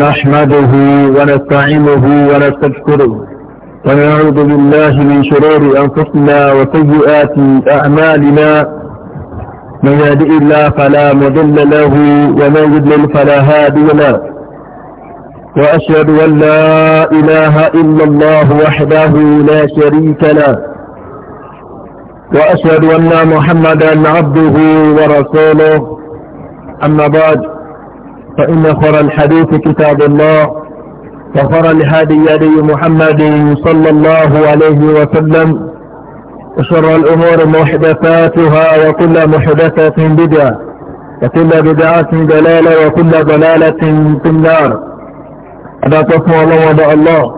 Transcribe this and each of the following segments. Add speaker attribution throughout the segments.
Speaker 1: نحمده ونستعينه ونستذكره ونعوذ بالله من شرور أنفسنا وسيئات أعمالنا من يهدئ الله فلا مضل له ومن يضلل فلا هادي له وأشهد أن لا إله إلا الله وحده لا شريك له وأشهد أن محمدا عبده ورسوله أما بعد فإن خر الحديث كتاب الله وخر الهادي يدي محمد صلى الله عليه وسلم وشر الأمور محدثاتها وكل محدثة بدعة وكل بدعة دلالة وكل ضلالة في النار أنا تسمع الله ودع الله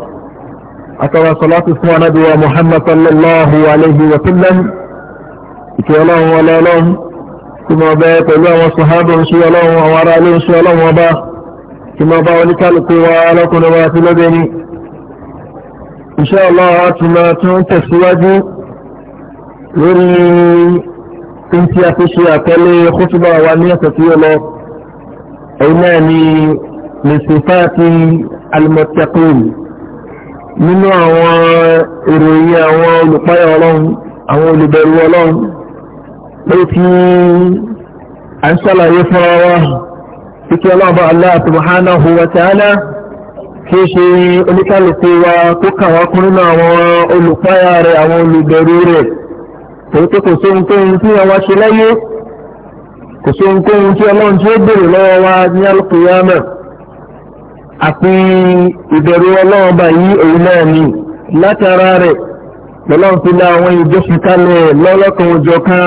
Speaker 1: أتوى صلاة اسمع نبي محمد صلى الله عليه وسلم إكي الله ولا لهم tí mo bẹ pẹ̀lú àwọn sàhábà ń ṣe ọlọ́run àwọn ará ilé ń ṣe ọlọ́run ọba tí mo bá oníkálukú wa ọlọ́kùnrin wa sí lóde ní. Insha Allah ti máa tún tẹ̀síwájú lórí tí a fi ṣe pé kí a ń ṣàlàyé fúnra wa tí kí ọlọ́ọ̀bá Allah subhanahu wa ta'ala kí ṣe ṣe láyé kò sí ohunkóhun tí tí ó béèrè lọ́wọ́ wa ní alùpùpù àti ìbẹ̀rù ọlọ́run báyìí òun náà ni látara rẹ̀ la àwọn ìjọsìn kalẹ̀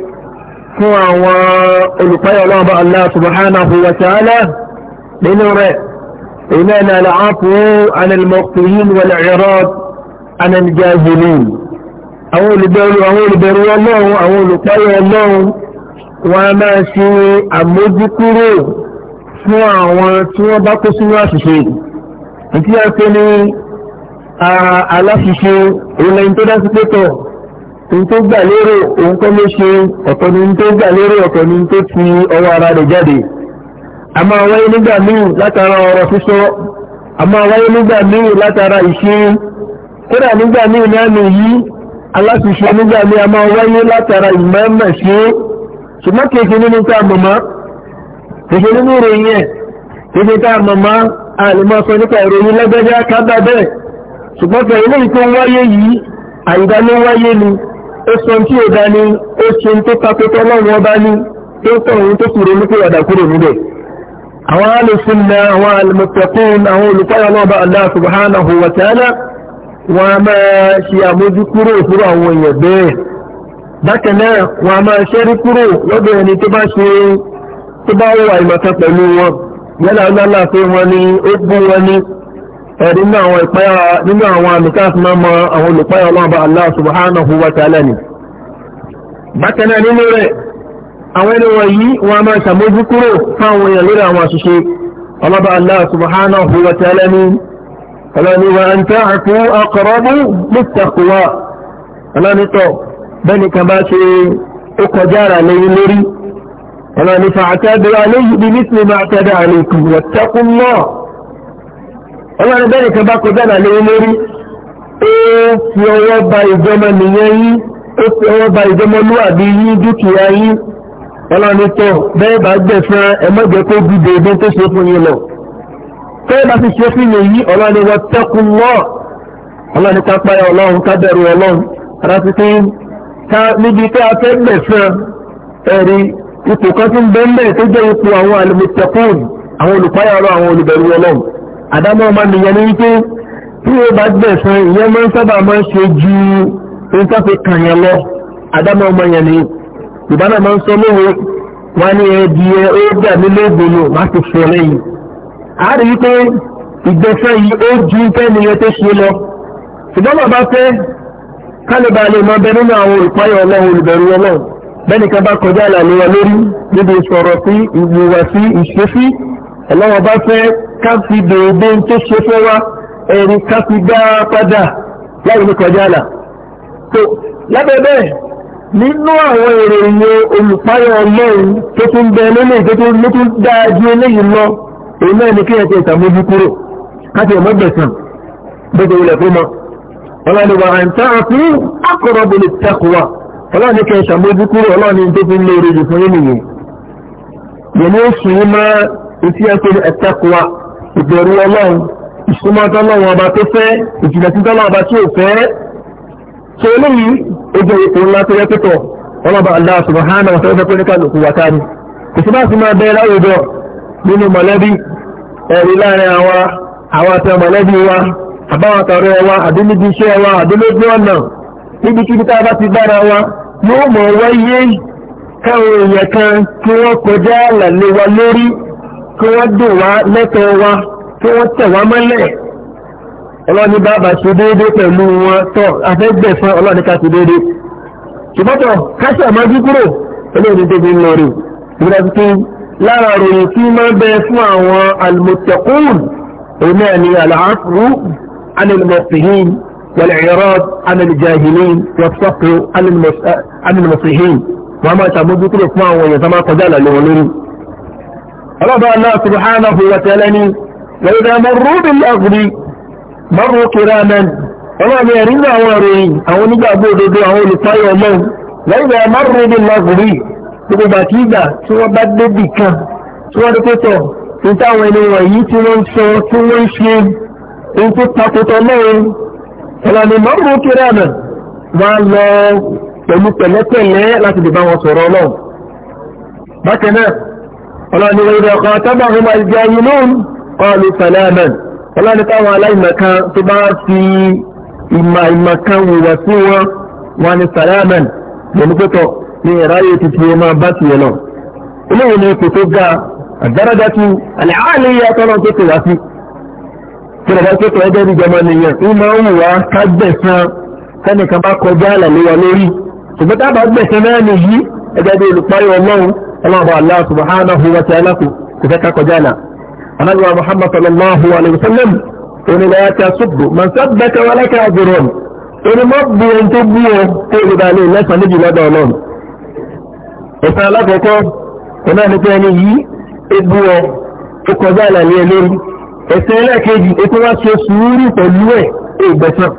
Speaker 1: fún àwọn olùpáyọ̀ ọlọ́ọ̀bá Allah subhanahu wa ta'ala nínú rẹ̀ iná ní àlàáfù anilmọ̀kùnrin wal i'rad anilgazilin àwọn olùbẹ̀rù àwọn olùbẹ̀rù ọlọ́run àwọn olùpáyọ̀ ọlọ́run wọn a máa ṣe àmójúkúrò fún àwọn tí wọ́n bá kó sínú àṣìṣe ìtí a pé aláṣìṣe ìrìnlẹ̀ tó ohun tó gbà lérò ohun tó ló ṣe ọ̀tọ̀ ni ohun tó gbà lérò ọ̀tọ̀ ni ohun tó ti ọwọ́ ara rẹ̀ jáde a máa wáyé nígbà míì látara ọ̀rọ̀ sísọ a máa wáyé nígbà míì látara ìṣe kódà nígbà míì ní àmì yìí aláṣiṣe nígbà míì a máa wáyé látara ìmọ̀ọ́mọ̀ ṣe ṣùgbọ́n kéèké nínú tá a mọ̀mọ́ kéèké nínú ìròyìn ẹ̀ kéèké tá a mọ̀mọ́ a lè máa sọ nípa ìròyìn lẹ́gbẹ́dẹ́ kábà ṣùgbọ́n fẹ̀ ilé ìtò wáyé yìí àyíká wáyé ni ó sọ tí ó dá ní ó ṣe tó takótọ́ lọ́wọ́ bá ní tó sọ̀rọ̀ ohun tó sì ronú pé ọ̀dà kúrò níbẹ̀ àwọn alùsùnà àwọn alùmọ̀tẹ̀kùn àwọn olùkọ́yọ̀ náà bá Allah subhanahu wa ta'ala wọn a máa ṣe àmójúkúrò fúrò àwọn èèyàn bẹ́ẹ̀ bákan náà wọn a máa ṣẹ́rí kúrò lọ́dọ̀ ẹni tó bá ṣe tó bá wà ìmọ̀ta pẹ̀lú wọn yálà ọlọ́lá ẹ̀rí nínú àwọn ìpáyà nínú àwọn àmì káàsì máa mọ àwọn olùpáyà ọlọ́ọ̀bá Allah subhanahu wa ta'ala ni bákan náà nínú rẹ̀ àwọn ẹni wọ̀nyí wọn a máa ṣàmójú kúrò fáwọn èèyàn lórí àwọn àṣìṣe ọlọ́ọ̀bá Allah subhanahu wa ta'ala ni ọlọ́ni wa an ta'fu aqrabu lit-taqwa ọlọ́ni tọ̀ bẹ́ni kan bá ṣe ó kọjá ara lẹ́yìn lórí ọlọ́ni fa'tadu alayhi ọlọ́run bẹ́ẹ̀ nìkan bá kọjá náà léwu lórí ó fi ọwọ́ ba ìjọmọ nìyẹn yín ó fi ọwọ́ ba ìjọmọ lúwàbí yín dúkìá yín ọlọ́run bẹ́ẹ̀ bá gbẹ̀ fún ẹ kó ju dèédé tó ṣe fún yín lọ bá ti ṣe fún yín yìí wọ́n tẹ́kun ọlọ́run ká níbi a fẹ́ gbẹ̀ fún ẹ̀rí ipò kan tó ń bẹ́ẹ̀ tó jẹ́ ipò àdámọ́ ọmọ nìyẹn ní wípé tí ó bá gbẹ̀sán ìyẹn máa ń sábà máa ń ṣe ju ohun tó fi kàn yẹn lọ àdámọ́ ọmọ yẹn ni ìbáná máa ń sọ lóore wọn ní ẹbí ẹ ó dà mí lóògbòlò má ti fọ lẹ́yìn a rí i pé ìgbẹ̀sán yìí ó ju kẹ́niyẹn tó ṣe lọ ṣùgbọ́n bàbá fẹ́ kálíbà lè mọ bẹ nínú àwọn olùpáyọ̀ ọlọ́run olùbẹ̀rù ọlọ́run bẹ́ẹ̀ nìkan bá kọjá ọlọ́wọ́n bá fẹ́ ká fi bèèrè tó ṣe fẹ́ wá ẹ̀rí ká fi dá padà láì ní kọjá là tó lábẹ́ bẹ́ẹ̀ nínú àwọn èrò ìyẹn olùpáyọ̀ ọlọ́run tó tún bẹ lélẹ̀ tó tún ló tún dáa ju eléyìí lọ èyí náà ni kéèyàn ti ìtàmójú kúrò káti ọmọ gbẹ̀sán gbogbo ilẹ̀ fún mọ́ ọlọ́run ni wà á ń tán àfi akọ̀rọ̀ bẹ̀lẹ̀ tẹ́kùwà ọlọ́run ni kéèyàn ìtàmójú kúrò ọlọ́run ni tó fi ń lé orí etí ẹ pé ẹ̀tẹ́kùwa ìbẹ̀rù ọlọ́run ìsúnmọ́ tọ́lọ́run ọba tó fẹ́ ìjìnlẹ̀ sí tọ́lọ́run ọba tí ò fẹ́ tó eléyìí ó jẹ́ ńlá tó yẹ pẹ́tọ̀ ọlọ́ba Allah subhanahu wa ta'ala pé nípa lòkù wàtá ni kò bá sì máa bẹ́ẹ̀ láwùjọ nínú mọ̀lẹ́bí ẹ̀rí láàrin àwa àwọn àti mọ̀lẹ́bí wa àbáwọn tọrọ wa àdínníbi iṣẹ́ wa àdínlójú ọ̀nà níbikíbi tá a bá ti bára wa yóò mọ̀ wáyé káwọn èèyàn kan kí wọ́n kọjá àlàlé wa lórí kí wọ́n dùn wá lẹ́tọ̀ọ́ wa kí wọ́n tẹ̀ wá mọ́lẹ̀ ọlọ́ni bàbá ṣe déédé pẹ̀lú wọn tọ́ afẹ́gbẹ̀ fún ọlọ́ni ká ṣe déédé ṣùgbọ́tọ̀ káṣí àmọ́jú kúrò olóòdì tó fi ń lọ rè ìgbà tuntun lára ròyìn tí máa ń bẹ fún àwọn almuttaqun òun náà ni al-afwu anilmọ̀síhìn wal-i'rad aniljahilin wọ́pọ̀pọ̀ máa ṣàmójú kúrò fún àwọn èèyàn tó máa kọjá àlàlé wọn lórí رضى الله سبحانه وتعالى وإذا مروا بالأغل مروا كراما ọlọ́run ẹ̀rí ní àwọn ìròyìn àwọn onígbàgbọ́ òdodo àwọn olùtayọ̀ ọlọ́run lẹ́yìn àwọn márùn-ún ní lọ́gùnrí gbogbo àti ìgbà tí wọ́n bá débì kan tí wọ́n dé pẹ́tọ̀ ní táwọn ẹni wọ̀nyí tí wọ́n ń sọ tí wọ́n ń ṣe ohun tó takòtò ọlọ́run ọ̀làní márùn-ún kéré àmà wọ́n á lọ pẹ̀lú pẹ̀lẹ́pẹ̀lẹ́ láti lè bá wọn sọ̀rọ̀ ọlọ́run bákan náà ọlọ́ni ìdá kan tábà wọn máa jẹ ayé lóhùn kọ́ọ̀lù sàlẹ́mẹ̀ ọlọ́ni táwọn aláìmọ̀kan tó bá fi ìmọ̀ ìmọ̀kan wùwà sí wọn wọn ni sàlẹ́mẹ̀ lónìí pẹ́tọ̀ ní ìráyè títí wọn máa bá tiẹ̀ lọ. eléyìí ni ipò tó ga àdáradá tu àlẹ́ àlẹ́yẹ tọ́lọ́ tó ti wá sí. tí wọ́n tó tọ́ ẹgbẹ́ ìjọba nìyẹn ń máa ń wà kágbẹ̀sán sẹ́nìkan bá kọjá ẹgbẹ́ bí olùpáyé ọlọ́run ọlọ́run Allah subhanahu wa ta'ala kò fẹ́ kakọjá náà anábì wa Muhammad sallallahu alayhi wa sallam onílẹ̀ ya ti asubbu man sabbaka wa laka ajrun oní mọ́ bu ohun tó bú ọ kó o lè ba lè lẹ́sàn méjì lọ́dọ̀ ọlọ́run ẹ̀sán alákọ̀ọ́kọ́ ọ̀nà ni pé ẹni yìí ebú ọ ó kọjá àlàyé ẹ lórí ẹ̀sán ẹlẹ́ẹ̀kejì ètò wá ṣe sùúrù pẹ̀lú ẹ̀ ègbẹ̀sán.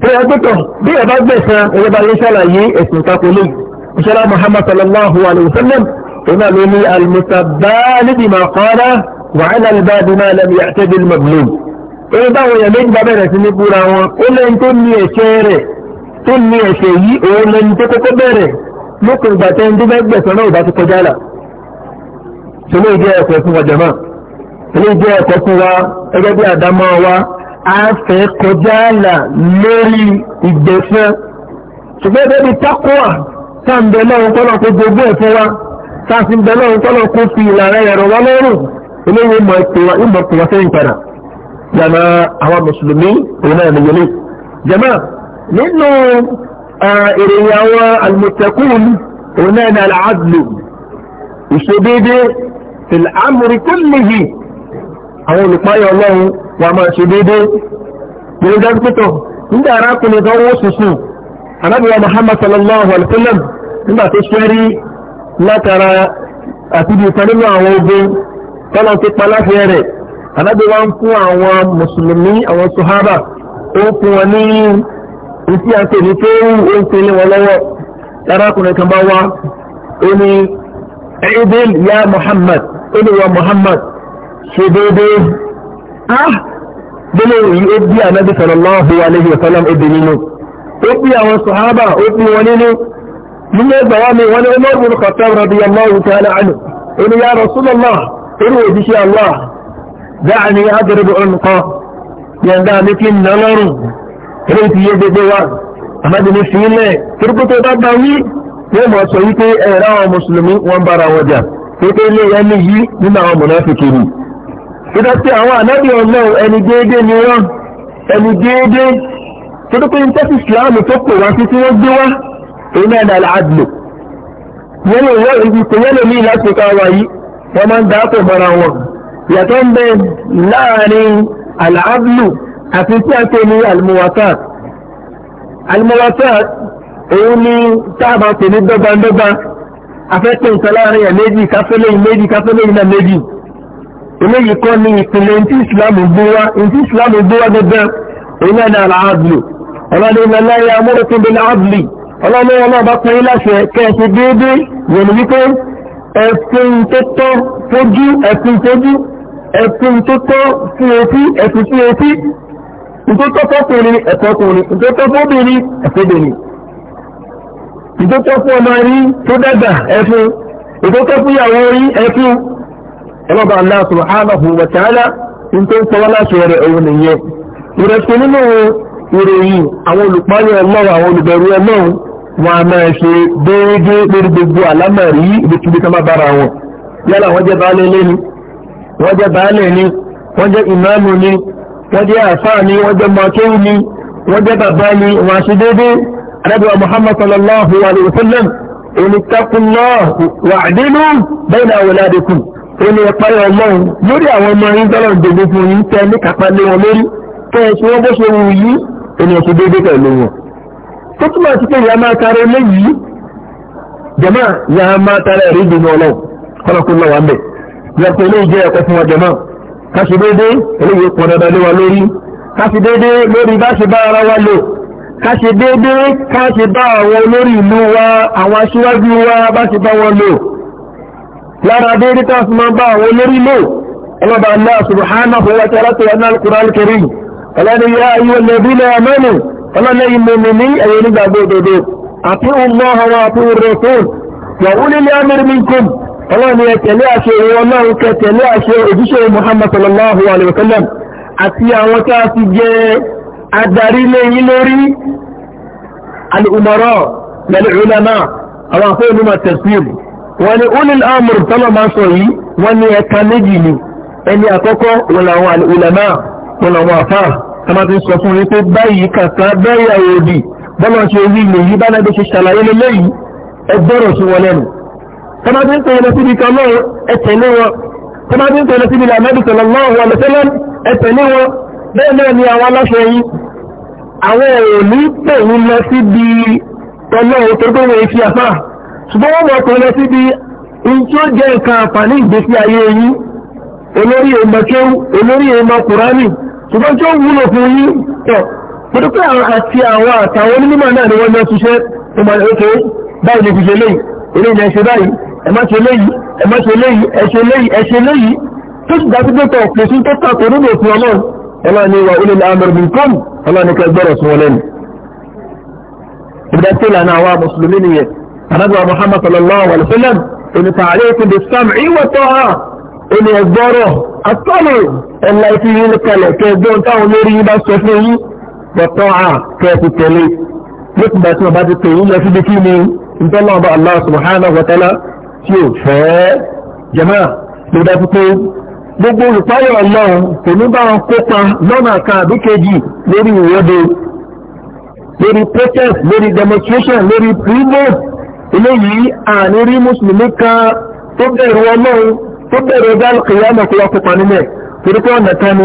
Speaker 1: bóyá gbẹ́tọ̀ bí ẹ bá gbẹ̀sán ẹ lọ́ba lè ṣàlàyé ẹ̀sìn ìtakò lóyìí وسلم محمد صلى الله عليه وسلم إما بني المتبال بما قال وعلى الباب ما لم يعتد المظلوم إذا هو يمين بابنا سنقول هو قل إن تنمي شيري تنمي شيء وإن أنت تكبري ممكن باتين دي بابنا سنو بات تجالا سنو جاء كفوة جماعة سنو جاء كفوة إذا إيه دي أدماوة أفق تجالا نوري إدفن سنو جاء تقوى tá à ń bẹ lọ́run kọ́lọ́ kó gbogbo ẹ̀ fún wa tá a sì ń bẹ lọ́run kọ́lọ́ kó fi ìlànà ẹ̀rọ wa lọ́rùn eléyìí ìmọ̀ ìpè wá sẹ́yìn padà jàmá àwọn mùsùlùmí òun náà ní yẹlé jàmá nínú ìròyìn àwọn àlùmọ̀tẹ́kùn òun anábìwá muhammad sallallahu alaihi wa sallam nígbà tó ṣẹ́rí látara àti ibi ìkan nínú àwọn ogun tọ́lọ́ ti pa láfẹ́ rẹ̀ anábìwá ń fún àwọn mùsùlùmí àwọn sùhábà ó fún wọn ní ìsí àti èmi tó ń ó ń pinnu wọn lọ́wọ́ arákùnrin kan bá wá ó ní ẹ̀ẹ́dẹ́l ya muhammad ó ní wa muhammad ṣe déédéé ah gbólóhùn yìí ó bí anábì sallallahu alaihi wa sallam ó bí nínú ó pí àwọn sàhábà ó pí wọn nínú nínú ẹgbà wá mi wọn ni Umar bin Khattab radiyallahu ta'ala anhu inú ya Rasulullah inú òjíṣẹ́ Allah da'ani adribu unqa yẹnda mi kí n nà lọ́rùn eré ti yé gbogbo wa àmàdì mi fi lẹ̀ turukutu bá bá wí yóò mọ̀ sọ wípé ẹ̀rọ àwọn mùsùlùmí wọn bára wọn jà pépé ilé ẹni yìí nínú àwọn mùnáfíkì ni ìdásí àwọn ànábì ọ̀nà ẹni déédéé ni wọ́n ẹni déédéé torí pé ní tẹ́sí ìsìláàmù tó pè wá sí tí wọ́n gbé wá èyí náà dà láàdùn yẹn lè wọ́n ibi kò yẹn lè ní ìlàsì kan wà yìí wọ́n máa ń dà pọ̀ mọ́ra wọn yàtọ̀ ń bẹ láàrin àlàábùlù àti tí a ń pè ní àlùmọ̀wátàt àlùmọ̀wátàt òun ni tá a ní dọ́gbandọ́gba afẹ́pẹ́ nǹkan láàrin ẹ̀ méjì káfẹ́lẹ́ yìí méjì káfẹ́lẹ́ yìí náà méjì eléyìí kọ́ ni ìpìlẹ̀ ntí ìsìlámù gbówá ntí ìsìlámù gbówá gẹ́gẹ́ òun náà dà láàbùlù ọlọ́ni ìlànà ya amúrúkún bí láàbùlì ọlọ́ni wọn náà bá pín in láṣẹ kẹ́ẹ̀sì déédéé yẹn ni wípé ẹ̀sìn tó tọ́ fojú ẹ̀sìn fojú ẹ̀sìn tó tọ́ sí etí ẹ̀sìn sí etí ìtótọ́ fọ́kùnrin ẹ̀fọ́kùnrin ìtótọ́ fọ́bìnrin ẹ̀fọ́bìnrin ìtótọ́ fún ọmọ rí tó dàgbà ẹ̀fún ìtótọ́ fún ìyàwó rí ẹ̀fún ọlọ́ba Allah subhanahu wa ta'ala ní tó ń sọ wá láṣẹ rẹ̀ òun nìyẹn ìrẹsì nínú ìròyìn àwọn olùpáyọ̀ ọlọ́run àwọn olùbẹ̀rù ọlọ́run wọn a máa ṣe déédé lórí gbogbo àlámọ̀rí ibikíbi kan bá bára wọn yálà wọ́n jẹ́ baálé ilé ni wọ́n jẹ́ baálé ni wọ́n jẹ́ ìmáàmù ni wọ́n jẹ́ àfáà ni wọ́n jẹ́ mọ́kéwù ni wọ́n jẹ́ bàbá ni wọ́n a ṣe déédé arábìwá muhammad sallallahu alayhi wa sallam onítàkùnlọ́ wa'dilu bayna awladikum òní ẹ̀páyọ̀ ọlọ́run lórí àwọn ọmọ yín tọ́lọ̀ ń dògbò fún yín tẹ́ ní kápá lé wọn lórí kẹ́ ẹ̀ tí wọ́n bó ṣe wù yìí ẹni ọ̀sẹ̀ déédéé pẹ̀lú wọn tó túmọ̀ sí pé ìyá máa tara eléyìí jẹ̀mọ́ ìyá máa tara ẹ̀rí ìdùnnú ọlọ́run kọ́lọ́kún lọ́wọ́ àmbẹ̀ ìyàpọ̀ eléyìí jẹ́ ẹ̀kọ́ fún wọn jẹ̀mọ́ káṣí déédéé eléyìí pọ̀ dandan lé wa lórí káṣí déédéé lórí bá ṣe bá ara wa lò káṣe déédéé káṣe bá àwọn olórí ìlú wa àwọn aṣíwájú wa bá ṣe bá wọn lò lára déédéé káṣe máa bá àwọn olórí lò ọlọ́ba ọlọ́ni yá ayé lẹ́bí náà mẹ́nu ọlọ́ni ìmọ̀mí ní ẹ̀yẹ nígbàgbọ́ òdodo àti ọmọ àwọn àti rẹ̀tún yàwó nílé amẹ́rìmíkùn ọlọ́ni ẹ̀tẹ̀lé àṣẹ ìwọ ọlọ́run kẹtẹ̀lé àṣẹ òjíṣẹ́ Muhammad sallallahu alayhi wa sallam àti àwọn tá a ti jẹ adarí lẹ́yìn lórí alùmọ̀rọ̀ pẹ̀lú ìlànà àwọn àfẹ́ onímọ̀ ẹni àkọ́kọ́ wọn làwọn alùmọ̀rọ̀ wọn làwọn àfáà tá máa ti sọ fún yín pé báyìí kàtà báyìí àwòdì bọ́lá ṣe rí ilé yìí báyìí bó ṣe ṣàlàyé lélẹ́yìí ẹ gbọ́rọ̀ sí wọn lẹ́nu tá máa ti ń pè é lọ síbi kan náà ẹ tẹ̀lé wọn tó bá dín tẹ̀lé síbi làmẹ́bí sallallahu alaihi wasallam ẹ̀tẹ̀lé wọn bẹ́ẹ̀ náà ni àwọn aláṣẹ yìí àwọn òní pẹ̀lú lọ síbi tọ́lọ́ òtótó wọn àfà ṣùgbọ́n wọ́n mọ̀ tọ́lọ́ síbi olórí èèmọ̀ kéwú olórí èèmọ̀ kùránì ṣùgbọ́n tí ó wúlò fún yí tọ̀ pẹ̀lú pé àwọn àti àwọn àtàwọn onímọ̀ náà ni wọ́n lọ ṣiṣẹ́ tó máa ókè báyìí lè fi ṣe léyìí eré ilẹ̀ ṣe báyìí ẹ má ṣe léyìí ẹ léyìí ẹ léyìí ẹ léyìí tó sì dájú pé tọ̀ kò tó tako nínú òfin ọlọ́run ọlọ́run ni wà ó lè bí kọ́ọ̀mù ọlọ́run ni kẹgbẹ́rọ̀ sún ní ẹgbọ́rọ̀ atọ́nà ẹ̀la ìfi yín kalẹ̀ kẹgbọ́n táwọn olórí yín bá sọ fún yín bọ̀tọ́ à kẹ́ẹ̀kú tẹ̀lé lókùnbà tí wọ́n bá ti pè yín lọ síbi kí ni ìtọ́nà ọba Allah subhanahu wa ta'ala tí ò fẹ́ jẹ́mà ló dá pípé gbogbo olùpáyọ̀ ọlọ́run kò ní bá wọn kópa lọ́nà kan àbí kejì lórí ìwọ́de lórí protest lórí demonstration lórí primo eléyìí àní rí mùsùlùmí kan tó bẹ̀rù ọlọ́run tó bẹ̀rẹ̀ ọjọ́ àlùkìyàmọ̀ kó wá kópa nílẹ̀ torí pé ọ̀nà kan ni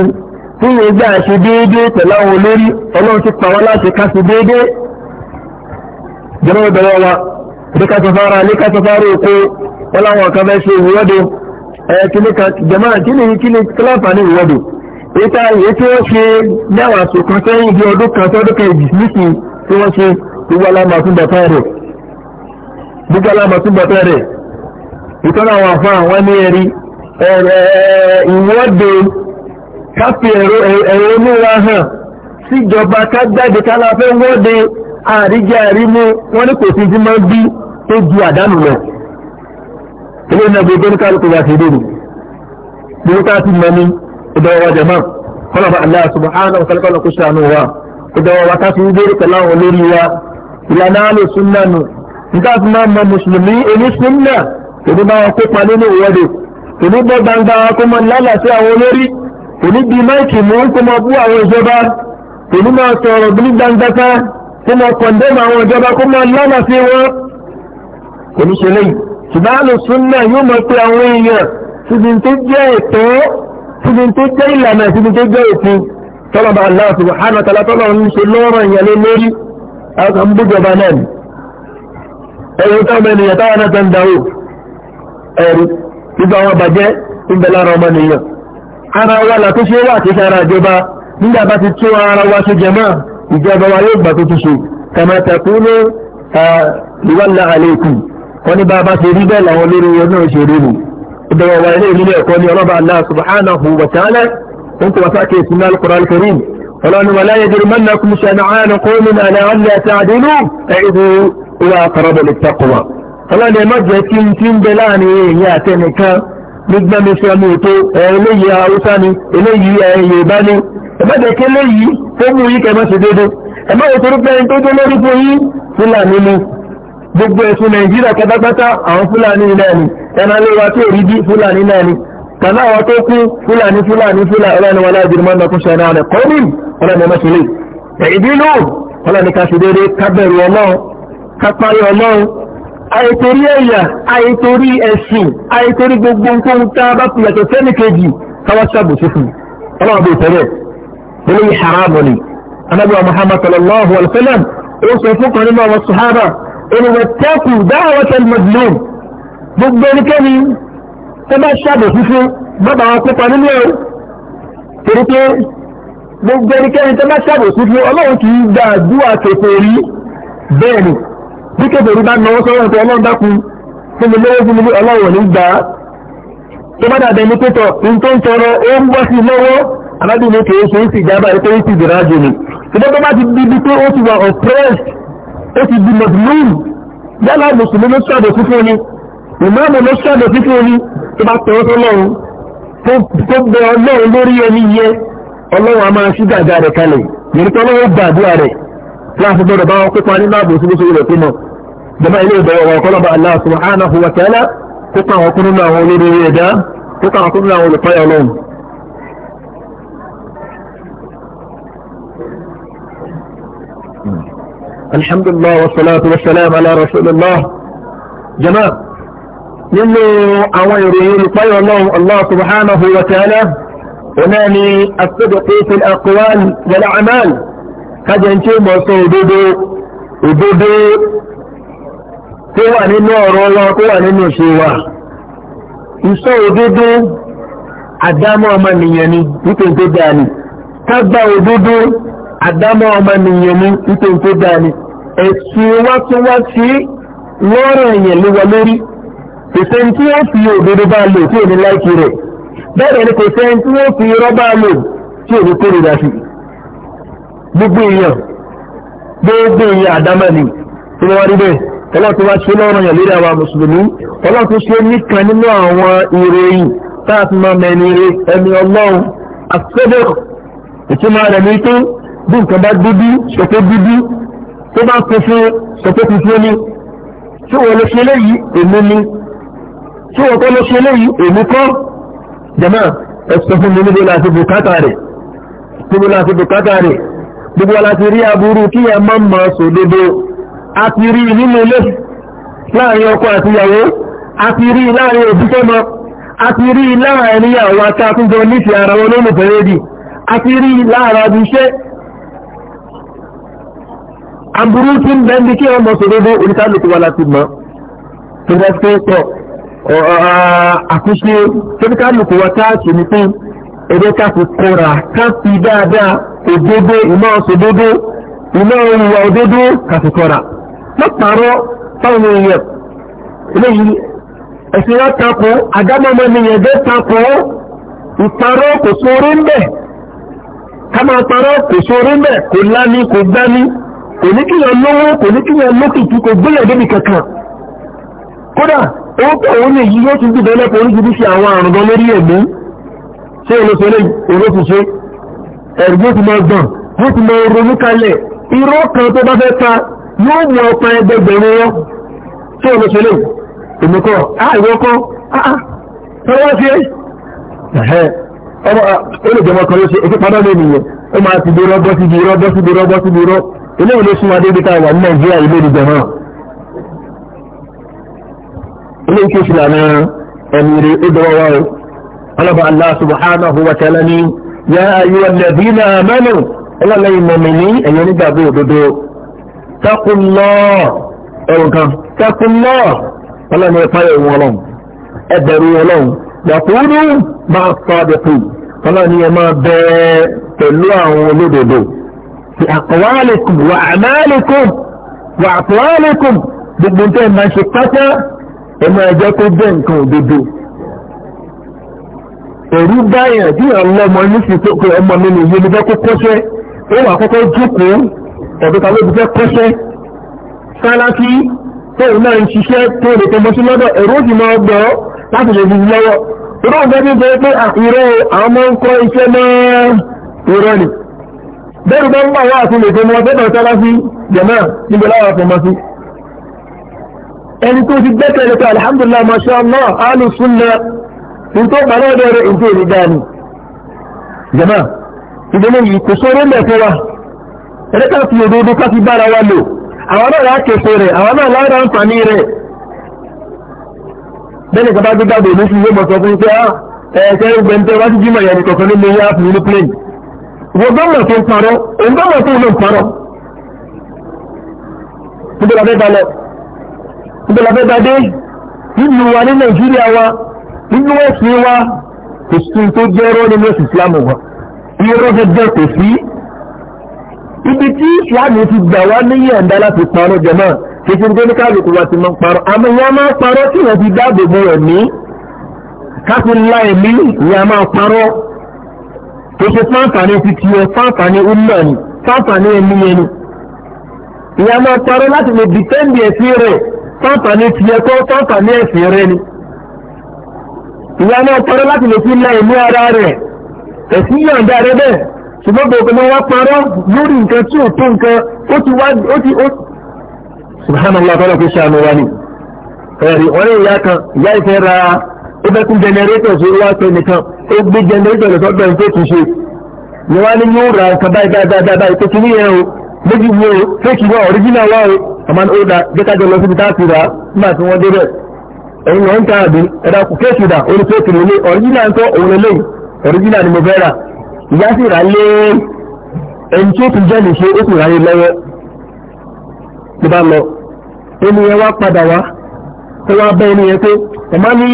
Speaker 1: tí yóò gbà ṣe déédéé pẹ̀lú àwọn olórí ọlọ́run ti pa wá láti ká ṣe déédéé jẹ́mọ́ bẹ̀rẹ̀ wa bí ká sọfára lé ká sọfára òkú wọn láwọn kan fẹ́ ṣe ìwọ́de ẹ̀ẹ́kìlẹ̀ kan jẹ́mọ́ kíni kíni kíláǹfààní ìwọ́de ìta èyí tí wọ́n ṣe mẹ́wàá sùn kan sẹ́yìn bí ọdún kan sọ́dún kan ìjì nísìn tí wọ́n ṣe gbogbo alámàtúndọ̀tán rẹ̀ gbogbo ìtọ́nà àwọn afọ́ àwọn ní ẹ̀rí ìwọ́de káfí ẹ̀rọ oníwà hàn síjọba ká jáde kálá fẹ́ wọ́de àríjẹ́ àrímú wọ́n ní kò sí jí máa bí tó ju àdánù lọ ilé náà gbogbo ní kálukú wa ti dèrò gbogbo ká ti mọ ní ìdọ̀wọ̀ jẹ̀mọ́ kọlọ̀bà Allah subhanahu wa ta'ala kó wa ìdọ̀wọ̀ wa ká fi ń dèrò pẹ̀lú àwọn olórí wa ìlànà àlè súnnà nù nígbà tí máa mọ mùsùlùmí onísúnnà òní bá wọn kópa nínú ìwọ́de òní bọ́ gbangba wọn kó mọ lálàsí àwọn olórí òní bí máìkì mú kó mọ bú àwọn ìjọba òní máa sọ̀rọ̀ bí gbangba ká kó mọ kọ̀ndẹ́mù àwọn ìjọba kó mọ lálàsí wọn òní ṣe lẹ́yìn ṣùgbọ́n àlùsùn náà yóò mọ pé àwọn èèyàn síbi tó jẹ́ ètò síbi tó jẹ́ ìlànà síbi tó jẹ́ òfin tọ́lọ̀bà Allah subhanahu tọ́lọ̀ ń ẹ̀rù gbogbo àwọn bàjẹ́ ń bẹ lára ọmọnìyàn ara wa là tó ṣe wà kí sára ìjọba nígbà bá ti tún ara wa ṣe jẹ máa ìjọba wa yóò gbà tó ti ṣe kàmá tẹkùnú ìwàlá wọn ní bá a bá ṣe rí bẹ́ẹ̀ làwọn olórí wọn náà ṣe rí nù ìbẹ̀wọ̀ wa ilé ìlú ẹ̀kọ́ ni ọlọ́ba Allah subhanahu wa ta'ala ń kò wá sáké ìsinmi al-Qur'an al ọlọ́ni wà láyé jẹ́rì mọ́nà kùmùsàn àánú kọ́mìnà àlẹ́ àlẹ́ ọlọ́ni ẹ má jẹ́ kí n ti ń bẹ láàrin èèyàn àtẹnìkan nígbà mi fi ọmọ ètò eléyìí haúsá ni eléyìí yorùbá ni ẹ má jẹ́ kí eléyìí tó mú yí kẹmọ́ sí dédé ẹ má wò torí pé ẹni tó dé lórí fún yín fúlàní ni gbogbo ẹ̀sùn nàìjíríà pátápátá àwọn fúlàní náà ni ẹran lé wa tí rí bí fúlàní náà ni kàná àwọn tó kú fúlàní fúlàní fúlàní ọlọ́ni wọn láti àìtorí ẹ̀yà àìtorí ẹ̀sìn àìtorí gbogbo nǹkan tá a bá pìyàtọ̀ sẹ́ni kejì káwá ṣàbòsí fún ọlọ́run bó tẹ́lẹ̀ eléyìí haramu ni anábíwá muhammad sallallahu alaihi wa sallam ó sọ fún kan nínú àwọn sahaba ènìyàn tẹ́kù dáhàwá tẹ́lẹ̀ mọ̀dúnlọ́m gbogbo ẹnikẹ́ni tó bá ṣàbòsí fún bàbá wọn kópa nínú ẹ̀rọ torí pé gbogbo ẹnikẹ́ni tó bá ṣàbòsí fún ọlọ́run kì í gbà bí kébèrè bá náwó sọ́wọ́ pé ọlọ́run dákun fún mi lówó fún mi ọlọ́run ní gbà á tó bá dàbẹ̀ ní pétọ̀ ní tó ń tọrọ ó ń bọ́ sí lọ́wọ́ alábì ní kèé ṣe sì jábà dìrà jù ní ṣùgbọ́n tó bá ti di ibi ó ni ìmáàmù ló ṣàbò sí fún ni tó bá tọ́ sọ́lọ́run tó bẹ ọlọ́run lórí ẹni yẹ ọlọ́run a máa ṣí gàgà jama ilé ìbẹ̀rẹ̀ ọ̀rọ̀ ọ̀kọ́lọ́bà Allah subhanahu wa ta'ala tó kàn wọ́n kúnnú àwọn olórí ẹ̀dá tó kàn wọ́n kúnnú àwọn olùfẹ́ ọlọ́run alhamdulillah wasalaatu wasalaam ala rasulillah jama nínú àwọn ìròyìn olùfẹ́ ọlọ́run Allah subhanahu wa ta'ala ọ̀nà ni as-sidqu fil aqwal wal a'mal kájẹ̀ ń tí mọ̀ sọ òdodo òdodo kó wà nínú ọ̀rọ̀ wa kó wà nínú ṣe wa ìsọ òdodo àdámọ́ ọmọnìyàn ni wípé tó dáa ni tágbà òdodo àdámọ́ ọmọnìyàn ni wípé tó dáa ni ẹ̀sìn wá tún wá sí lọ́rọ̀ èèyàn ló wà lórí kò sẹ́ni tí wọ́n fi òdodo bá lò tí ò láìkí rẹ̀ bẹ́ẹ̀ ni kò sẹ́ni tí wọ́n fi irọ́ lò tí ò ní kórìíra gbogbo èèyàn gbogbo èèyàn àdámọ́ ni tí wọ́n wá rí bẹ́ẹ̀ ọlọ́run tó wá ṣe lọ́rùn yàn lórí àwa mùsùlùmí ọlọ́run tó ṣe nìkan nínú àwọn ìròyìn tá a fi máa mẹ́ni rẹ ẹni ọlọ́run àṣẹ́bẹ̀rù ìtumọ̀ rẹ̀ ní pé bí nǹkan bá dúdú ṣòfò dúdú tó bá funfun ṣòfò funfun ni tí wọ́n lè ṣe léyìí èmi ni tí wọ́n kọ́ lè ṣe léyìí èmi kọ́ jẹ̀mọ́ ẹ̀sọ́ fún mi níbi láti bùkátà rẹ̀ níbi láti bùkátà rẹ̀ gbogbo aláti rí aburú kí ẹ má máa sòdodo a ti rí nínú ilé láàrin ọkọ àti ìyàwó a ti rí láàrin òbíkẹ́ mọ́ a ti rí láàrin àwọn akátúnjọ nífẹ̀ẹ́ ara wọn lónìí fẹ́rẹ́dì a ti rí láàrin àbí iṣẹ́ aburú tí ń bẹ́ẹ̀ bí kí wọ́n mọ̀ sódodo oníkálukú wa láti mọ̀ tó àkúṣe oníkálukú wa káàkiri ní fún ẹgbẹ́ káàkiri kọ́ra káàkiri dáadáa òdodo ìmọ̀ sódodo ìmọ̀ òwúwa òdodo káàkiri kọ́ra mọ́pàárọ́ fáwọn èèyàn eléyìí ẹ̀sìn wọn takò àdámọ́mọ́ nìyẹn dé takò ìparọ́ kò sórí ń bẹ̀ ká máa parọ́ kò sórí ń bẹ̀ kò lání kò gbání kò ní kíyàn lówó kò ní kíyàn lókìkí kò gbélẹ̀ débi kankan kódà owó pọ̀ òun ní èyí yóò tún dìbò ẹlẹ́pọ̀ oríṣiríṣi àwọn àrùn gan lórí ẹ̀mí ṣé olóṣèlú èrò ti ṣe ẹ̀rù yóò ti máa gbọ̀n yóò ti máa ronú kalẹ̀ irọ́ kan tó bá fẹ́ ta yóò mú ọpọ ẹgbẹgbẹ̀rún wọn tí o lọ́sọ̀lẹ̀ ìmọ̀kọ́ àìwọ́kọ́ ah, ah, ah, tọ́wọ́ sí ẹ̀hẹ́ olùjọmọkọ̀ ló ṣe òkú padà lè nìyẹn ó máa ti dúró bọ́ síbi irọ́ bọ́ síbi irọ́ bọ́ síbi irọ́ ilé ìlú sún adé bíta wà ní nàìjíríà ilé ni tẹ́kùnlọ́ ẹ̀rùn kan tẹ́kùnlọ́ ọlọ́ni ẹ̀fà ẹ̀wọ̀n ọlọ́run ẹ̀bẹ̀rù ọlọ́run yàtúrú máa sọ́dẹ̀ pé ọlọ́ni ẹ̀ máa bẹ pẹ̀lú àwọn olódodo ti àkọwálẹ̀kùn wà àmàlẹ̀kùn wà àkọwálẹ̀kùn gbogbo tẹ́ máa ṣe pátá ẹ máa jẹ́ kó jẹ́ nǹkan òdodo ẹ̀rú báyà tí àwọn ọmọ ní fi tó ọmọ mi nìyí ni fẹ́ kó kọ́ṣẹ́ ó wà kọ́kọ́ jókòó ọ̀dọ́ta ló ti fẹ́ kọ́ṣẹ́ sáláṣí tóun náà ń ṣiṣẹ́ tó lè tó mọ́ṣí lọ́dọ̀ èrò sì máa gbọ́ láti lè fi lọ́wọ́ irú ọ̀gá ti sọ pé àìró ah, àwọn máa ń kọ́ iṣẹ́ náà irọ́ ni bẹ́ẹ̀ni bá ń bá wá àti lè tó mọ́ sọ́dọ̀ sáláṣí jẹ̀mọ́ níbi láwọn afọmọ́sí ẹni tó ti gbẹ́kẹ̀lẹ̀ pé alhamdulillah masha allah alùsùnà nítorí ọ̀gbà náà dẹ̀rẹ̀ ìdí èmi dáa ni jẹ̀mọ́ ìdílé yìí kò sóró mẹ́fẹ́ wa ẹ̀rẹ́ká fi òdodo ká fi bára wa lò àwọn náà lákèsè rẹ̀ àwọn náà lára ń fàní rẹ̀ bẹ́ẹ̀ni kọba gbígbàgbé ní sí yóò sọ fún pé á ah, ẹ̀ẹ́sẹ́ ìgbẹ̀ntẹ́ wá sí jímọ̀ ìyàní kọ̀ọ̀kan ní lóyá fún ní plane wọ́n gbọ́mọ̀ tó ń parọ́ òun gbọ́mọ̀ tó ń parọ́ ìdọ́lọ́fẹ́ balẹ̀ ìdọ́lọ́fẹ́ badé nínú wa ní nàìjíríà wa nínú ẹ̀sìn wa kò sí tó jẹ́ rọ́ nínú ẹ̀sìn islam wa irọ́ gẹ́gẹ́ kò sí ibi tí ìsìláàmù ti gbà wá níyì ẹ̀ńdá láti parọ́ jẹ̀mọ́ títí ní kálukú wa ti máa ń parọ́ àmọ́ ìyá máa parọ́ tí wọ́n fi dáàbò bo ẹ̀mí káfí ńlá ẹ̀mí ìyá máa parọ́ kò ṣe fáǹfààní ti tiẹ̀ fáǹfààní ńlọ ni fáǹfààní ẹ̀mí yẹn ni ìyá máa parọ́ láti lè dìtẹ́ǹdì ẹ̀sìn rẹ̀ fáǹfààní tiẹ̀ kọ́ fáǹfààní ẹ̀sìn rẹ̀ ni ìyá máa parọ́ láti lè fi ńlá ẹ̀mí ara rẹ̀ ẹ̀sìn yọ̀ǹda rẹ̀ bẹ́ẹ̀ ṣùgbọ́n gbogbo ni wọ́n parọ́ lórí nǹkan tí ò tó nǹkan ó ti wá ó ti ó. subhanallah tọ́lá fi ṣàánú wa ni ẹ̀rí wọ́n ní ìyá kan ìyá ìfẹ́ ra ó fẹ́ kún jẹnẹrétọ̀ sí wá pé nìkan ó gbé jẹnẹrétọ̀ lọ sọ́dọ̀ ní tó ṣe ni wọ́n ní yóò ra nǹkan báyìí dáadáa báyìí tó ti ní yẹn o méjì wo o fẹ́ẹ̀kì wá ọ̀ríjìnà wá o àmọ́ ó da jẹ́kájọ lọ síbi táàtì rà nígbà tí wọ́n débẹ̀ ẹ̀yin wọn ń ta àbí ẹ̀dá kò fẹ́ẹ̀kì dà orí fẹ́ẹ̀kì lélẹ̀ ọ̀ríjìnà ń tọ́ òun lélẹ̀ ọ̀ríjìnà ni mo fẹ́ rà ya sì rà lé ẹni tí ó tún jẹ́ nìṣe ó sì rà lé lọ́wọ́ tó bá lọ ènìyàn wá padà wá tó wá bẹ́ ènìyàn pé ọ̀má ní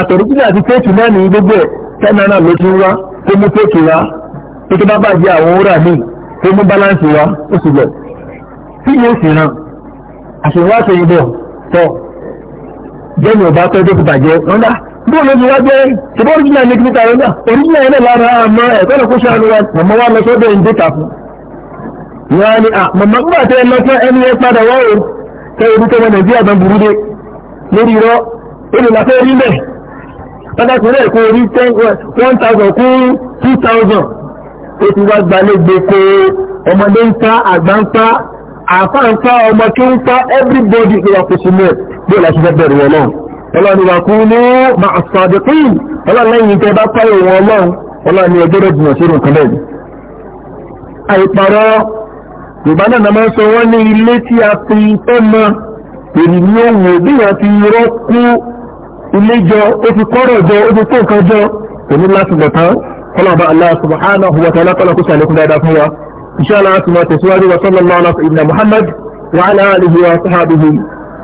Speaker 1: àtọ̀rọ̀kúnlẹ̀ àti téèkì náà ní gbogbo ẹ̀ tẹ́nana ló ti wá tó mú wá tó tó bá bàjẹ́ àwọn tó mú báláǹsì wá ó sì ọba tó bóòlù ti wá jẹ́ ṣùgbọ́ oríjìnà ní kíkà rẹ̀ náà oríjìnà rẹ̀ lára àmọ́ ẹ̀kọ́ lọ kó ṣe àlúwà mọ̀mọ́ wá lọ sọ́dọ̀ ìdí tàfù wọ́n ni àmọ́ nígbà tẹ́ ẹ lọ́tọ́ ẹni ẹ padà wá o tẹ́ ibi tọ́mọ nàìjíríà bá burú dé lórí irọ́ olè làfẹ́ rí mẹ́ pátákùnrin ẹ̀kọ́ orí ten one thousand kú two thousand ó ti wá gbalẹ́gbẹ́ kó ọmọdé ń ta àgbà ń ta àfa ń ta ọmọ kí ń ta everybody ló wà kó sí mẹ́ẹ̀ bí ó lọ́ ọlọ́ni wà kú ní máa sàdìkì ọlọ́ni lẹ́yìn tẹ́ bá pààyè wọn ọlọ́run ọlọ́ni ẹgbẹ́rẹ́ jùlọ sí ìrùn kan bẹ́ẹ̀ àìparọ́ yorùbá náà máa ń sọ wọ́n ní ilé tí a fi tọ́ mọ èrì ní ohun òbí yẹn ti rọ́ kú ilé jọ ó fi kọ́rọ̀ jọ ó fi kó nǹkan jọ òní láti lọ tán kọlọ́ba Allah subhanahu wa ta'ala kọlọ́ kó sàlékún dáadáa fún wa iṣẹ́ aláàtì máa tẹ̀síwájú wa sallallahu alaihi wa sallam muhammad wa ala alihi wa sahabihi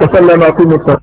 Speaker 1: wa sallama kúmi sọ